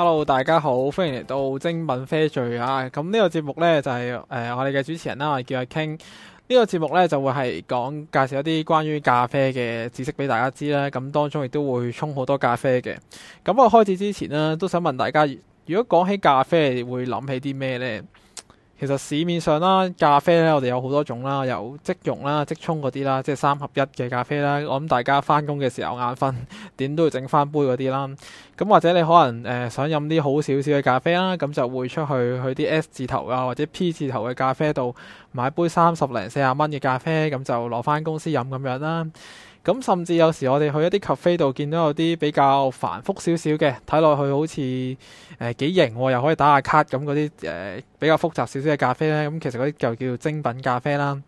Hello，大家好，歡迎嚟到精品啡聚啊！咁、這、呢個節目呢，就係、是、誒、呃、我哋嘅主持人啦，我哋叫阿 King。呢、這個節目呢，就會係講介紹一啲關於咖啡嘅知識俾大家知啦。咁、啊、當中亦都會沖好多咖啡嘅。咁、啊、我開始之前呢，都想問大家，如果講起咖啡，會諗起啲咩呢？其實市面上啦，咖啡咧，我哋有好多種啦，有即溶啦、即沖嗰啲啦，即係三合一嘅咖啡啦。我諗大家返工嘅時候眼瞓，點都要整返杯嗰啲啦。咁或者你可能誒、呃、想飲啲好少少嘅咖啡啦，咁就會出去去啲 S 字頭啊或者 P 字頭嘅咖啡度買杯三十零四十蚊嘅咖啡，咁就攞返公司飲咁樣啦。咁甚至有時我哋去一啲 cafe 度見到有啲比較繁複少少嘅，睇落去好似誒幾型，又可以打下卡咁嗰啲誒比較複雜少少嘅咖啡咧，咁其實嗰啲就叫精品咖啡啦。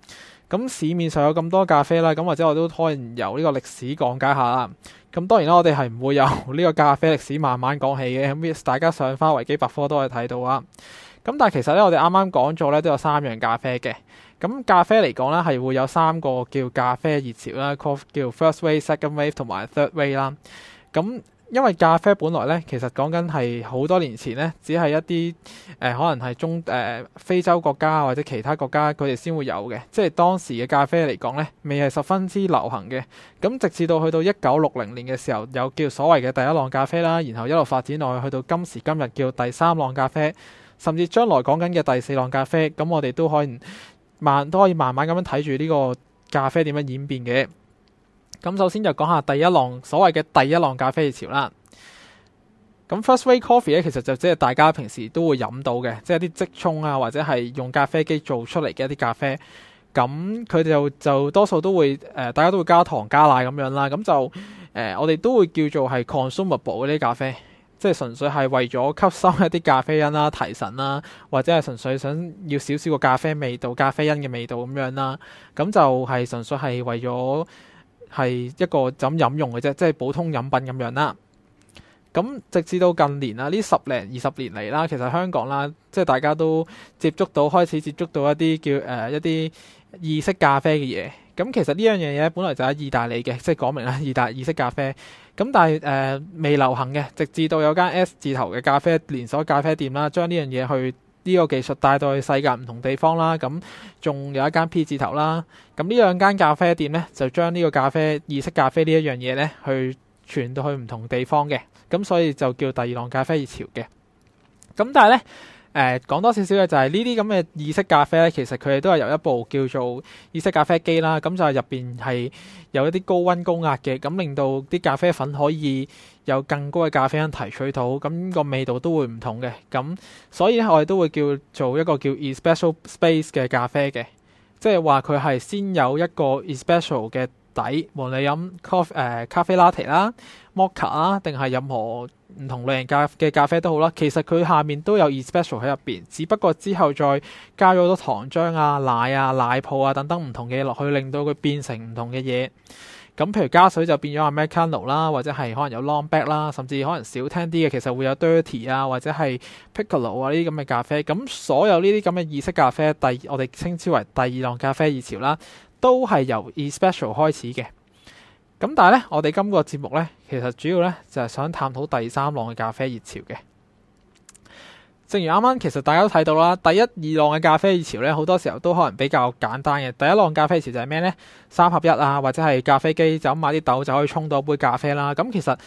咁市面上有咁多咖啡啦，咁或者我都可以由呢個歷史講解下啦。咁當然啦，我哋係唔會由呢個咖啡歷史慢慢講起嘅，大家上返維基百科都可以睇到啊。咁但係其實咧，我哋啱啱講咗咧都有三樣咖啡嘅。咁咖啡嚟講咧，係會有三個叫咖啡熱潮啦，叫 First Wave、Second Wave 同埋 Third Wave 啦。咁因為咖啡本來咧，其實講緊係好多年前咧，只係一啲誒、呃、可能係中誒、呃、非洲國家或者其他國家佢哋先會有嘅，即係當時嘅咖啡嚟講咧，未係十分之流行嘅。咁直至到去到一九六零年嘅時候，有叫所謂嘅第一浪咖啡啦，然後一路發展落去，去到今時今日叫第三浪咖啡，甚至將來講緊嘅第四浪咖啡，咁我哋都可以。慢都可以慢慢咁樣睇住呢個咖啡點樣演變嘅。咁首先就講下第一浪所謂嘅第一浪咖啡潮啦。咁 First Wave Coffee 咧，其實就即係大家平時都會飲到嘅，即係啲即沖啊，或者係用咖啡機做出嚟嘅一啲咖啡。咁佢哋就多數都會誒、呃，大家都會加糖加奶咁樣啦。咁就誒、呃，我哋都會叫做係 consumable 嗰啲咖啡。即係純粹係為咗吸收一啲咖啡因啦、提神啦，或者係純粹想要少少個咖啡味道、咖啡因嘅味道咁樣啦。咁就係純粹係為咗係一個怎飲用嘅啫，即係普通飲品咁樣啦。咁直至到近年啦，呢十零二十年嚟啦，其實香港啦，即係大家都接觸到，開始接觸到一啲叫誒、呃、一啲意式咖啡嘅嘢。咁其實呢樣嘢咧，本來就喺意大利嘅，即係講明啦，意大意式咖啡。咁但係誒、呃、未流行嘅，直至到有間 S 字頭嘅咖啡連鎖咖啡店啦，將呢樣嘢去呢個技術帶到去世界唔同地方啦。咁仲有一間 P 字頭啦。咁呢兩間咖啡店呢，就將呢個咖啡意式咖啡呢一樣嘢呢，去傳到去唔同地方嘅。咁所以就叫第二浪咖啡熱潮嘅。咁但係呢。誒講，uh, 多少少嘅就係呢啲咁嘅意式咖啡咧，其實佢哋都係由一部叫做意式咖啡機啦，咁就係入邊係有一啲高溫高壓嘅，咁令到啲咖啡粉可以有更高嘅咖啡因提取到，咁、那個味道都會唔同嘅。咁所以咧我哋都會叫做一個叫 Espresso Base 嘅咖啡嘅，即係話佢係先有一個 Espresso 嘅底，無論你飲 Coff 誒咖啡拿鐵啦。Mocha 啊，定係任何唔同類型咖嘅咖啡都好啦。其實佢下面都有 espresso 喺入邊，只不過之後再加咗好多糖漿啊、奶啊、奶泡啊等等唔同嘅嘢落去，令到佢變成唔同嘅嘢。咁譬如加水就變咗阿 Macano 啦，或者係可能有 Long Black 啦，甚至可能少聽啲嘅，其實會有 Dirty 啊，或者係 Piccolo 啊呢啲咁嘅咖啡。咁所有呢啲咁嘅意式咖啡，第我哋稱之為第二浪咖啡熱潮啦，都係由 espresso 開始嘅。咁但係咧，我哋今個節目呢，其實主要呢，就係想探討第三浪嘅咖啡熱潮嘅。正如啱啱，其實大家都睇到啦，第一二浪嘅咖啡熱潮呢，好多時候都可能比較簡單嘅。第一浪咖啡熱潮就係咩呢？三合一啊，或者係咖啡機，就咁買啲豆就可以沖到一杯咖啡啦。咁其實誒、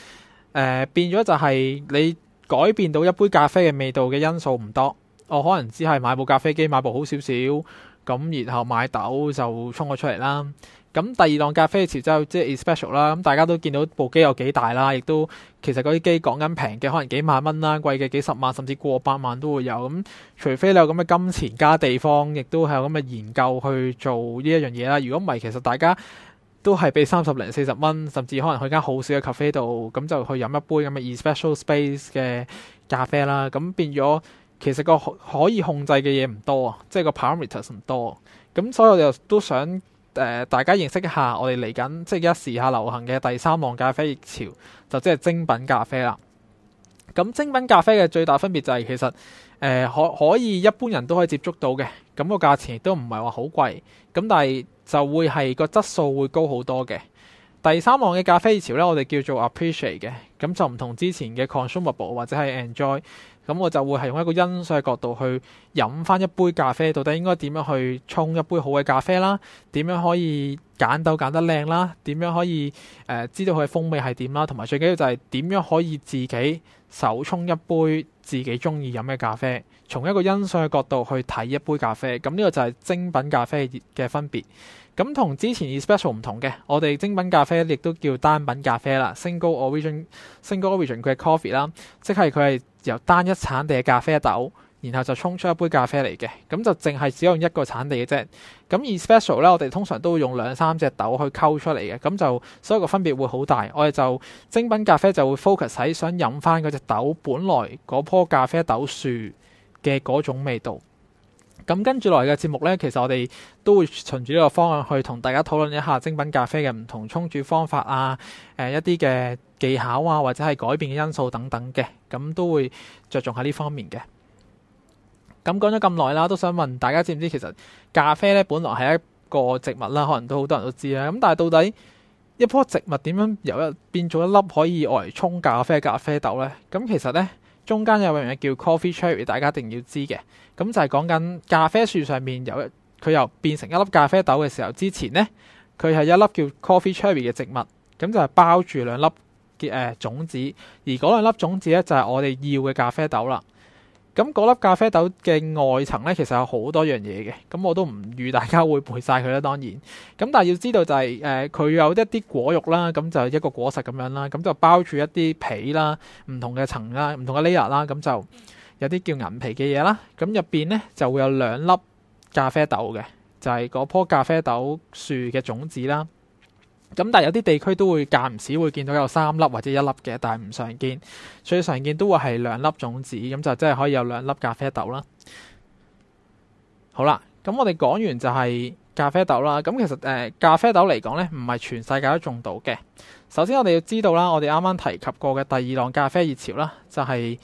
呃、變咗就係你改變到一杯咖啡嘅味道嘅因素唔多。我可能只係買部咖啡機，買部好少少，咁然後買豆就沖咗出嚟啦。咁第二浪咖啡潮之後，即係 especial 啦。咁大家都見到部機有幾大啦，亦都其實嗰啲機講緊平嘅，可能幾萬蚊啦，貴嘅幾十萬甚至過百萬都會有。咁除非你有咁嘅金錢加地方，亦都係有咁嘅研究去做呢一樣嘢啦。如果唔係，其實大家都係俾三十零四十蚊，甚至可能去間好少嘅咖啡度，咁就去飲一杯咁嘅 especial space 嘅咖啡啦。咁變咗其實個可以控制嘅嘢唔多啊，即係個 parameter 唔多。咁所以我哋都想。誒、呃，大家認識一下，我下，我哋嚟緊即係一時下流行嘅第三浪咖啡熱潮，就即係精品咖啡啦。咁精品咖啡嘅最大分別就係、是、其實誒可、呃、可以一般人都可以接觸到嘅，咁、那個價錢亦都唔係話好貴。咁但係就會係個質素會高好多嘅。第三浪嘅咖啡熱潮呢，我哋叫做 appreciate 嘅，咁就唔同之前嘅 consumable 或者係 enjoy。咁我就會係用一個欣賞嘅角度去飲返一杯咖啡，到底應該點樣去沖一杯好嘅咖啡啦？點樣可以揀豆揀得靚啦？點樣可以誒、呃、知道佢嘅風味係點啦？同埋最緊要就係點樣可以自己手沖一杯自己鍾意飲嘅咖啡，從一個欣賞嘅角度去睇一杯咖啡。咁呢個就係精品咖啡嘅分別。咁同之前 Espresso 唔同嘅，我哋精品咖啡亦都叫單品咖啡啦 （single origin single origin 佢嘅 coffee） 啦，即係佢係。由單一產地嘅咖啡豆，然後就沖出一杯咖啡嚟嘅，咁就淨係只用一個產地嘅啫。咁而 special 咧，我哋通常都會用兩三隻豆去溝出嚟嘅，咁就所以個分別會好大。我哋就精品咖啡就會 focus 喺想飲翻嗰隻豆本來嗰棵咖啡豆樹嘅嗰種味道。咁跟住來嘅節目呢，其實我哋都會循住呢個方向去同大家討論一下精品咖啡嘅唔同沖煮方法啊，誒、呃、一啲嘅技巧啊，或者係改變嘅因素等等嘅，咁都會着重喺呢方面嘅。咁講咗咁耐啦，都想問大家知唔知其實咖啡呢本來係一個植物啦，可能都好多人都知啦。咁但係到底一棵植物點樣由一變做一粒可以外嚟沖咖啡嘅咖啡豆呢？咁其實呢。中間有樣嘢叫 coffee cherry，大家一定要知嘅。咁就係講緊咖啡樹上面有佢由變成一粒咖啡豆嘅時候，之前呢，佢係一粒叫 coffee cherry 嘅植物，咁就係包住兩粒嘅誒、呃、種子，而嗰兩粒種子咧就係、是、我哋要嘅咖啡豆啦。咁嗰粒咖啡豆嘅外層咧，其實有好多樣嘢嘅，咁我都唔預大家會背晒佢啦，當然。咁但係要知道就係，誒，佢，呃，有一啲果肉啦，咁就一個果實咁樣啦，咁就包住一啲皮啦，唔同嘅層啦，唔同嘅 layer 啦，咁就有啲叫銀皮嘅嘢啦。咁入邊咧就會有兩粒咖啡豆嘅，就係嗰棵咖啡豆樹嘅種子啦。咁但係有啲地區都會間唔時會見到有三粒或者一粒嘅，但係唔常見。最常見都會係兩粒種子，咁就真係可以有兩粒咖啡豆啦。好啦，咁我哋講完就係咖啡豆啦。咁其實誒、呃、咖啡豆嚟講呢，唔係全世界都種到嘅。首先我哋要知道啦，我哋啱啱提及過嘅第二浪咖啡熱潮啦，就係、是。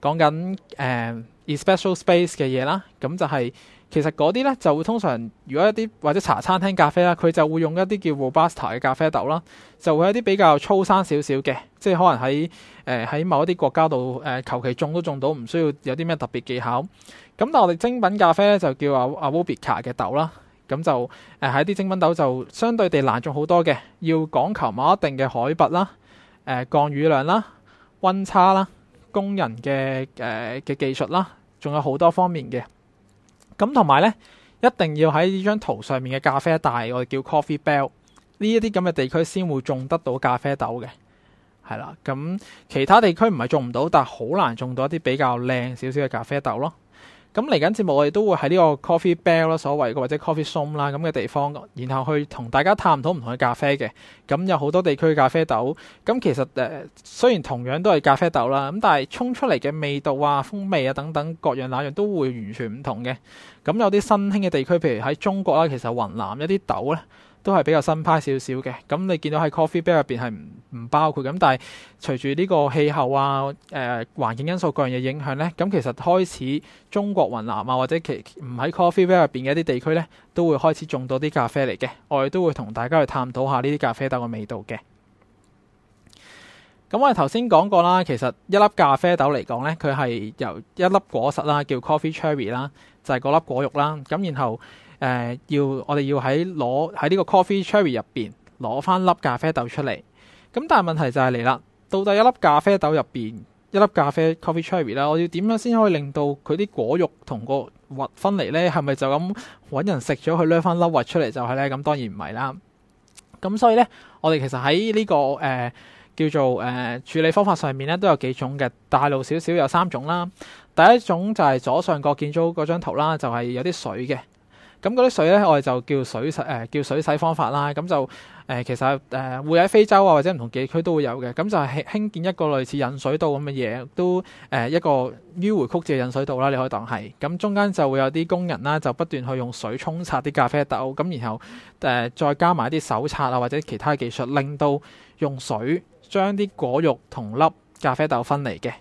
講緊 e、呃、special space 嘅嘢啦，咁就係、是、其實嗰啲咧就會通常，如果一啲或者茶餐廳咖啡啦，佢就會用一啲叫 robusta 嘅咖啡豆啦，就會有啲比較粗生少少嘅，即係可能喺誒喺某一啲國家度誒，求、呃、其種都種到，唔需要有啲咩特別技巧。咁但我哋精品咖啡咧就叫阿啊 arabica 嘅豆啦，咁就誒喺啲精品豆就相對地難種好多嘅，要講求某一定嘅海拔啦、誒、呃、降雨量啦、溫差啦。工人嘅誒嘅技術啦，仲有好多方面嘅，咁同埋呢，一定要喺呢張圖上面嘅咖啡帶，我哋叫 coffee belt，呢一啲咁嘅地區先會種得到咖啡豆嘅。係啦，咁其他地區唔係種唔到，但係好難種到一啲比較靚少少嘅咖啡豆咯。咁嚟緊節目，我哋都會喺呢個 coffee bell 啦，所謂嘅或者 coffee shop 啦咁嘅地方，然後去同大家探討唔同嘅咖啡嘅。咁有好多地區嘅咖啡豆，咁其實誒、呃、雖然同樣都係咖啡豆啦，咁但係沖出嚟嘅味道啊、風味啊等等各樣哪樣都會完全唔同嘅。咁有啲新興嘅地區，譬如喺中國啦、啊，其實雲南一啲豆咧都係比較新派少少嘅。咁你見到喺 coffee bell 入邊係唔？唔包括咁，但係隨住呢個氣候啊，誒、呃，環境因素各樣嘢影響呢，咁其實開始中國雲南啊，或者其唔喺 coffee valley 入邊嘅一啲地區呢，都會開始種到啲咖啡嚟嘅。我哋都會同大家去探討下呢啲咖啡豆嘅味道嘅。咁我哋頭先講過啦，其實一粒咖啡豆嚟講呢，佢係由一粒果實啦，叫 coffee cherry 啦，就係嗰粒果肉啦。咁然後誒、呃，要我哋要喺攞喺呢個 coffee cherry 入邊攞翻粒咖啡豆出嚟。咁但係問題就係嚟啦，到底粒一粒咖啡豆入邊一粒咖啡 coffee cherry 啦，我要點樣先可以令到佢啲果肉同個核分離呢？係咪就咁揾人食咗佢，掠翻粒核出嚟就係呢？咁當然唔係啦。咁所以呢，我哋其實喺呢、這個誒、呃、叫做誒、呃、處理方法上面呢，都有幾種嘅。大路少少有三種啦。第一種就係左上角見咗嗰張圖啦，就係、是、有啲水嘅。咁嗰啲水呢，我哋就叫水洗誒、呃、叫水洗方法啦。咁就。誒、呃、其實誒、呃、會喺非洲啊或者唔同地區，區都會有嘅，咁就係興建一個類似引水道咁嘅嘢，都誒、呃、一個迂迴曲折引水道啦，你可以當係。咁中間就會有啲工人啦、啊，就不斷去用水沖刷啲咖啡豆，咁然後誒、呃、再加埋一啲手刷啊或者其他技術，令到用水將啲果肉同粒咖啡豆分離嘅。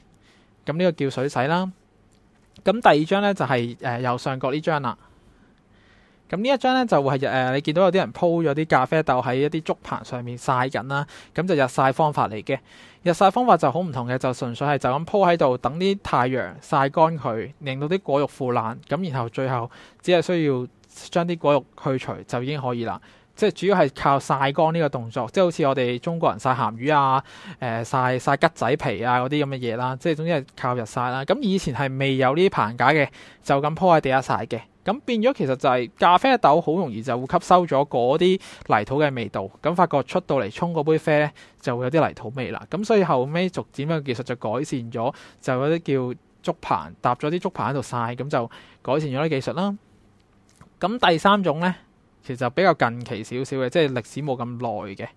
咁呢個叫水洗啦。咁第二張呢，就係、是、誒、呃、右上角呢張啦。咁呢一張咧就會係日誒、呃、你見到有啲人鋪咗啲咖啡豆喺一啲竹棚上面曬緊啦，咁就日曬方法嚟嘅。日曬方法就好唔同嘅，就純粹係就咁鋪喺度，等啲太陽曬乾佢，令到啲果肉腐爛，咁然後最後只係需要將啲果肉去除就已經可以啦。即係主要係靠曬乾呢個動作，即係好似我哋中國人曬鹹魚啊、誒、呃、曬曬桔仔皮啊嗰啲咁嘅嘢啦。即係總之係靠日曬啦。咁以前係未有呢啲棚架嘅，就咁鋪喺地下曬嘅。咁變咗，其實就係咖啡豆好容易就會吸收咗嗰啲泥土嘅味道。咁發覺出到嚟沖嗰杯啡呢，就會有啲泥土味啦。咁所以後尾逐漸嘅技術就改善咗，就嗰啲叫竹棚搭咗啲竹棚喺度曬，咁就改善咗啲技術啦。咁第三種呢，其實比較近期少少嘅，即係歷史冇咁耐嘅。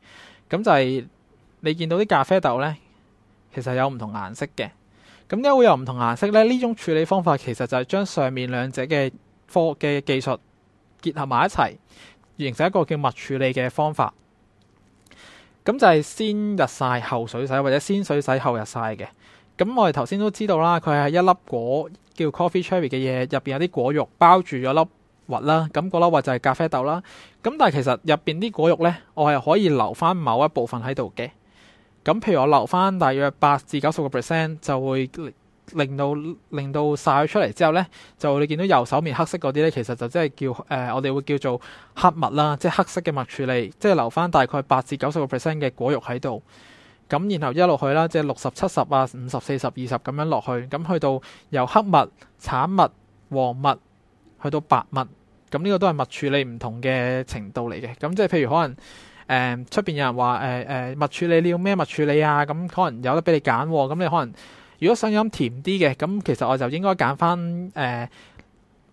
咁就係你見到啲咖啡豆呢，其實有唔同顏色嘅。咁點解會有唔同顏色呢？呢種處理方法其實就係將上面兩隻嘅。科技嘅技術結合埋一齊，形成一個叫蜜處理嘅方法。咁就係先日曬後水洗，或者先水洗後日曬嘅。咁我哋頭先都知道啦，佢係一粒果叫 coffee cherry 嘅嘢，入邊有啲果肉包住咗粒核啦。咁嗰粒核就係咖啡豆啦。咁但係其實入邊啲果肉呢，我係可以留翻某一部分喺度嘅。咁譬如我留翻大約八至九十個 percent 就會。令到令到曬出嚟之後呢，就你見到右手面黑色嗰啲呢，其實就真係叫誒、呃，我哋會叫做黑蜜啦，即係黑色嘅蜜處理，即係留翻大概八至九十個 percent 嘅果肉喺度。咁然後一落去啦，即係六十七十啊，五十四十二十咁樣落去。咁去到由黑蜜、產蜜、黃蜜去到白蜜，咁呢個都係蜜處理唔同嘅程度嚟嘅。咁即係譬如可能誒出邊有人話誒誒蜜處理你要咩蜜處理啊？咁可能有得俾你揀，咁你可能。如果想飲甜啲嘅，咁其實我就應該揀翻誒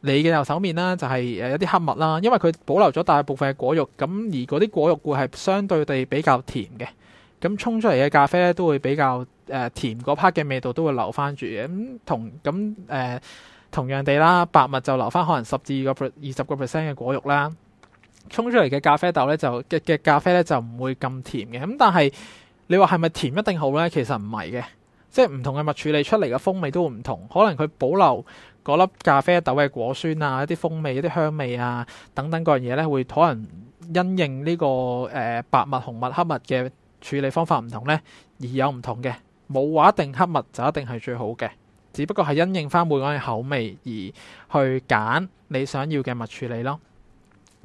你嘅右手面啦，就係、是、誒有啲黑麥啦，因為佢保留咗大部分嘅果肉，咁而嗰啲果肉會係相對地比較甜嘅，咁沖出嚟嘅咖啡咧都會比較誒、呃、甜，嗰 part 嘅味道都會留翻住嘅。咁、嗯、同咁誒、嗯呃、同樣地啦，白麥就留翻可能十至個 p 二十個 percent 嘅果肉啦，沖出嚟嘅咖啡豆咧就嘅咖啡咧就唔會咁甜嘅。咁但係你話係咪甜一定好咧？其實唔係嘅。即係唔同嘅蜜處理出嚟嘅風味都會唔同，可能佢保留嗰粒咖啡豆嘅果酸啊、一啲風味、一啲香味啊等等各樣嘢咧，會可能因應呢、呢個誒、呃、白蜜、紅蜜、黑蜜嘅處理方法唔同咧，而有唔同嘅。冇話定黑蜜就一定係最好嘅，只不過係因應翻每個人口味而去揀你想要嘅蜜處理咯。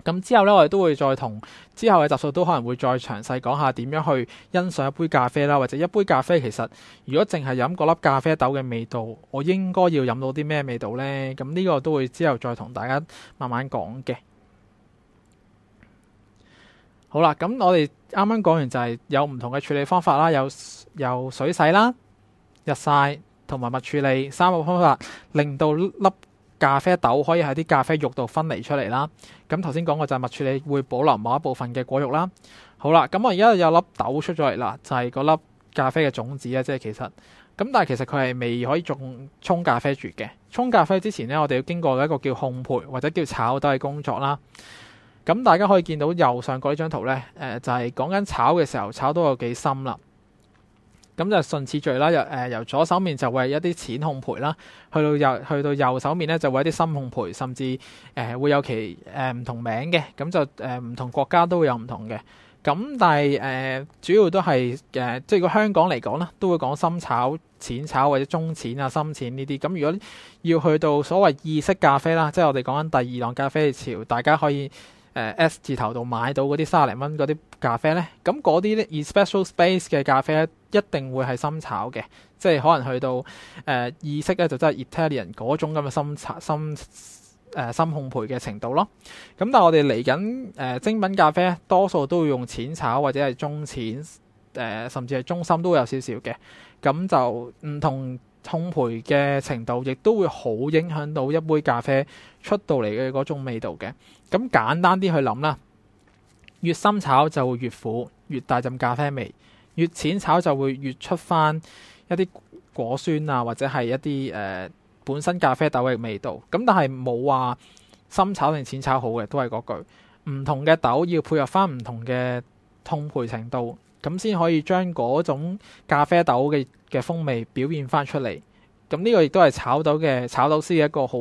咁之後呢，我哋都會再同之後嘅集數都可能會再詳細講下點樣去欣賞一杯咖啡啦，或者一杯咖啡其實如果淨係飲嗰粒咖啡豆嘅味道，我應該要飲到啲咩味道呢？咁呢個都會之後再同大家慢慢講嘅。好啦，咁我哋啱啱講完就係有唔同嘅處理方法啦，有有水洗啦、日曬同埋蜜處理三個方法，令到粒。咖啡豆可以喺啲咖啡肉度分離出嚟啦。咁頭先講過就係物處理會保留某一部分嘅果肉啦。好啦，咁我而家有粒豆出咗嚟啦，就係嗰粒咖啡嘅種子啊。即係其實咁，但係其實佢係未可以種沖咖啡住嘅。沖咖啡之前呢，我哋要經過一個叫烘焙或者叫炒豆嘅工作啦。咁大家可以見到右上角呢張圖呢，誒、呃、就係講緊炒嘅時候炒到有幾深啦。咁就順次序啦，由誒、呃、由左手面就會有一啲淺烘焙啦，去到右去到右手面咧就會一啲深烘焙，甚至誒、呃、會有其誒唔、呃、同名嘅，咁就誒唔、呃、同國家都會有唔同嘅。咁但係誒、呃、主要都係誒、呃，即係如果香港嚟講咧，都會講深炒、淺炒或者中淺啊、深淺呢啲。咁如果要去到所謂意式咖啡啦，即係我哋講緊第二浪咖啡潮，大家可以。誒 s,、呃、S 字頭度買到嗰啲三十零蚊嗰啲咖啡咧，咁嗰啲咧 Especial Space 嘅咖啡咧，一定會係深炒嘅，即係可能去到誒、呃、意式咧，就真係 Italian 嗰種咁嘅深炒深誒、呃、深烘焙嘅程度咯。咁但係我哋嚟緊誒精品咖啡多數都會用淺炒或者係中淺誒、呃，甚至係中深都會有少少嘅咁就唔同。烘焙嘅程度，亦都會好影響到一杯咖啡出到嚟嘅嗰種味道嘅。咁簡單啲去諗啦，越深炒就會越苦，越大陣咖啡味；越淺炒就會越出翻一啲果酸啊，或者係一啲誒、呃、本身咖啡豆嘅味道。咁但係冇話深炒定淺炒好嘅，都係嗰句，唔同嘅豆要配合翻唔同嘅烘焙程度，咁先可以將嗰種咖啡豆嘅嘅風味表現翻出嚟，咁呢個亦都係炒豆嘅炒豆師嘅一個好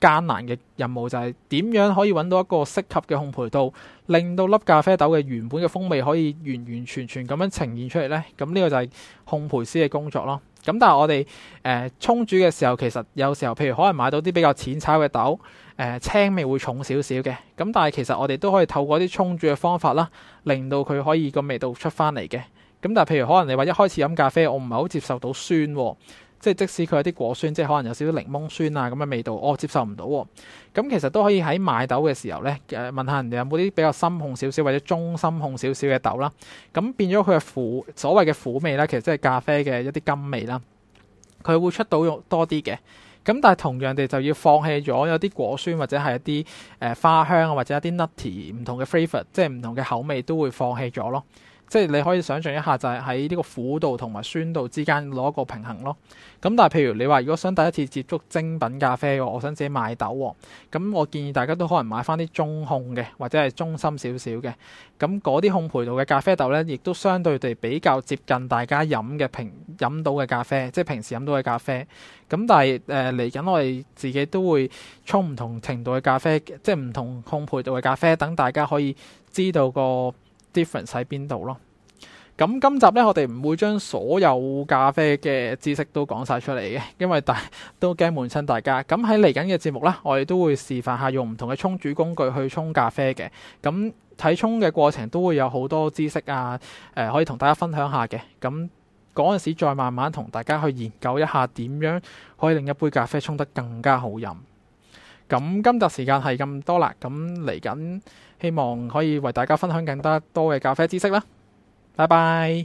艱難嘅任務，就係、是、點樣可以揾到一個適合嘅烘焙度，令到粒咖啡豆嘅原本嘅風味可以完完全全咁樣呈現出嚟呢？咁呢個就係烘焙師嘅工作咯。咁但係我哋誒、呃、沖煮嘅時候，其實有時候譬如可能買到啲比較淺炒嘅豆，誒、呃、青味會重少少嘅。咁但係其實我哋都可以透過啲沖煮嘅方法啦，令到佢可以個味道出翻嚟嘅。咁但係譬如可能你話一開始飲咖啡，我唔係好接受到酸、哦，即係即使佢有啲果酸，即係可能有少少檸檬酸啊咁嘅味道，我接受唔到、哦。咁其實都可以喺買豆嘅時候咧，誒、呃、問下人哋有冇啲比較深烘少少或者中深烘少少嘅豆啦。咁變咗佢嘅苦，所謂嘅苦味咧，其實即係咖啡嘅一啲甘味啦，佢會出到多啲嘅。咁但係同樣地就要放棄咗有啲果酸或者係一啲誒、呃、花香或者一啲 nutty 唔同嘅 flavor，即係唔同嘅口味都會放棄咗咯。即係你可以想像一下，就係喺呢個苦度同埋酸度之間攞一個平衡咯。咁但係譬如你話，如果想第一次接觸精品咖啡嘅，我想自己買豆喎、哦。咁我建議大家都可能買返啲中控嘅，或者係中心少少嘅。咁嗰啲烘焙度嘅咖啡豆呢，亦都相對地比較接近大家飲嘅平飲到嘅咖啡，即係平時飲到嘅咖啡。咁但係誒嚟緊，呃、我哋自己都會沖唔同程度嘅咖啡，即係唔同烘焙度嘅咖啡，等大家可以知道個 difference 喺邊度咯？咁今集呢，我哋唔會將所有咖啡嘅知識都講晒出嚟嘅，因為大都驚悶親大家。咁喺嚟緊嘅節目呢，我哋都會示範下用唔同嘅沖煮工具去沖咖啡嘅。咁睇沖嘅過程都會有好多知識啊，誒、呃，可以同大家分享下嘅。咁嗰陣時再慢慢同大家去研究一下點樣可以令一杯咖啡沖得更加好飲。咁今集時間係咁多喇。咁嚟緊希望可以為大家分享更多多嘅咖啡知識啦。拜拜。